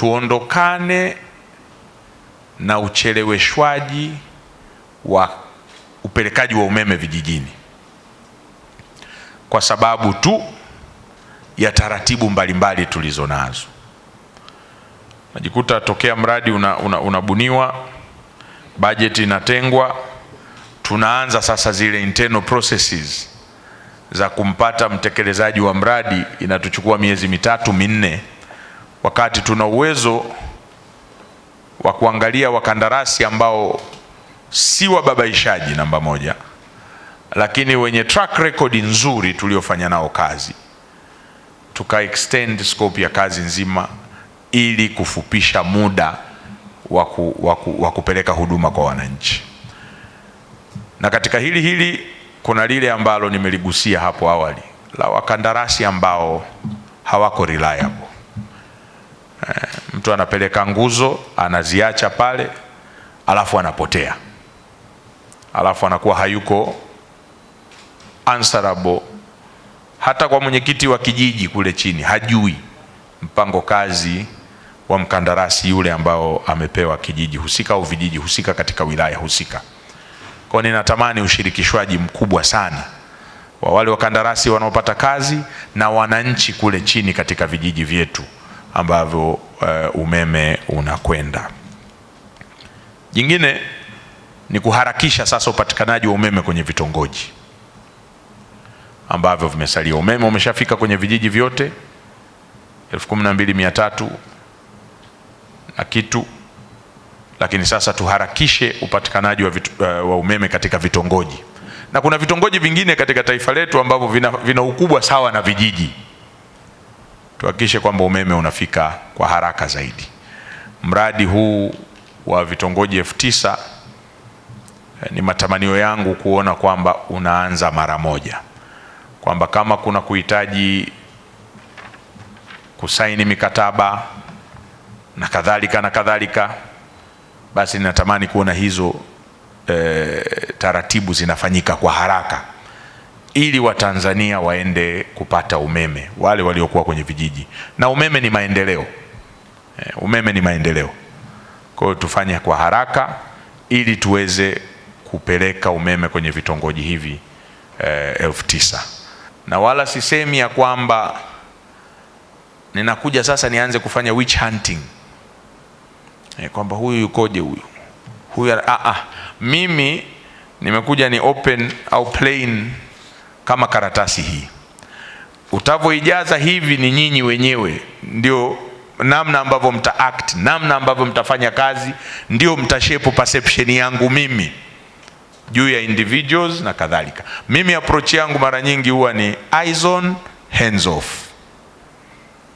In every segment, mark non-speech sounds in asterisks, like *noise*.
tuondokane na ucheleweshwaji wa upelekaji wa umeme vijijini kwa sababu tu ya taratibu mbalimbali tulizo nazo. Najikuta tokea mradi unabuniwa, una, una bajeti inatengwa, tunaanza sasa zile internal processes za kumpata mtekelezaji wa mradi, inatuchukua miezi mitatu minne wakati tuna uwezo wa kuangalia wakandarasi ambao si wababaishaji namba moja, lakini wenye track record nzuri tuliofanya nao kazi, tuka extend scope ya kazi nzima ili kufupisha muda wa waku, wa kupeleka huduma kwa wananchi. Na katika hili hili kuna lile ambalo nimeligusia hapo awali la wakandarasi ambao hawako reliable. Eh, mtu anapeleka nguzo anaziacha pale, alafu anapotea, alafu anakuwa hayuko answerable hata kwa mwenyekiti wa kijiji kule chini, hajui mpango kazi wa mkandarasi yule ambao amepewa kijiji husika au vijiji husika katika wilaya husika. Kwa ninatamani ushirikishwaji mkubwa sana wa wale wakandarasi wanaopata kazi na wananchi kule chini katika vijiji vyetu ambavyo uh, umeme unakwenda. Jingine ni kuharakisha sasa upatikanaji wa umeme kwenye vitongoji ambavyo vimesalia. Umeme umeshafika kwenye vijiji vyote 12300 na kitu, lakini sasa tuharakishe upatikanaji wa, vitu, uh, eh, wa umeme katika vitongoji, na kuna vitongoji vingine katika taifa letu ambavyo vina, vina ukubwa sawa na vijiji tuhakikishe kwamba umeme unafika kwa haraka zaidi. Mradi huu wa vitongoji elfu tisa eh, ni matamanio yangu kuona kwamba unaanza mara moja, kwamba kama kuna kuhitaji kusaini mikataba na kadhalika na kadhalika, basi ninatamani kuona hizo e, taratibu zinafanyika kwa haraka ili Watanzania waende kupata umeme wale waliokuwa kwenye vijiji, na umeme ni maendeleo e, umeme ni maendeleo. Kwa hiyo tufanye kwa haraka ili tuweze kupeleka umeme kwenye vitongoji hivi e, elfu tisa na wala sisemi ya kwamba ninakuja sasa nianze kufanya witch hunting e, kwamba huyu yukoje huyu huyu a a ah, ah, mimi nimekuja ni open au plain kama karatasi hii. Utavyoijaza hivi ni nyinyi wenyewe ndio namna ambavyo mta act, namna ambavyo mtafanya kazi, ndio mtashape perception yangu mimi juu ya individuals na kadhalika. Mimi approach yangu mara nyingi huwa ni eyes on hands off.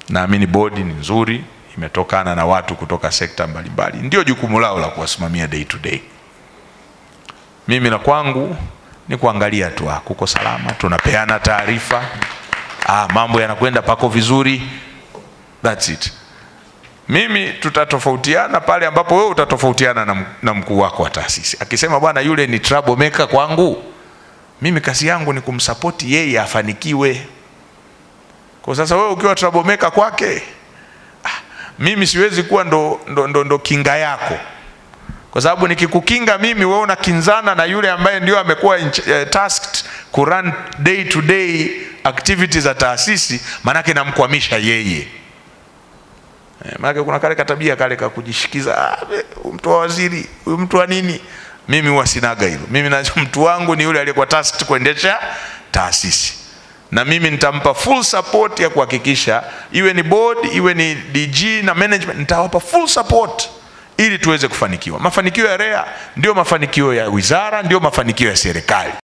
Naamini bodi ni nzuri, imetokana na watu kutoka sekta mbalimbali, ndio jukumu lao la kuwasimamia day to day. Mimi na kwangu ni kuangalia tu ah, kuko salama, tunapeana taarifa, ah, mambo yanakwenda pako vizuri, that's it. Mimi tutatofautiana pale ambapo wewe utatofautiana na mkuu wako wa taasisi. Akisema bwana, yule ni trouble maker kwangu, mimi kazi yangu ni kumsapoti yeye afanikiwe. Kwa sasa wewe ukiwa trouble maker kwake, ah, mimi siwezi kuwa ndo, ndo, ndo, ndo kinga yako kwa sababu nikikukinga mimi, wewe unakinzana na yule ambaye ndio amekuwa eh, tasked ku run day to day activities za taasisi, maanake namkwamisha yeye. Eh, maanake kuna kale katabia kale kakujishikiza, ah, mtu wa waziri huyu, mtu wa nini. Mimi huwa sinaga hilo. Mimi na *laughs* mtu wangu ni yule aliyekuwa tasked kuendesha taasisi, na mimi nitampa full support ya kuhakikisha, iwe ni board, iwe ni DG na management, nitawapa full support ili tuweze kufanikiwa. Mafanikio ya REA ndio mafanikio ya wizara, ndio mafanikio ya serikali.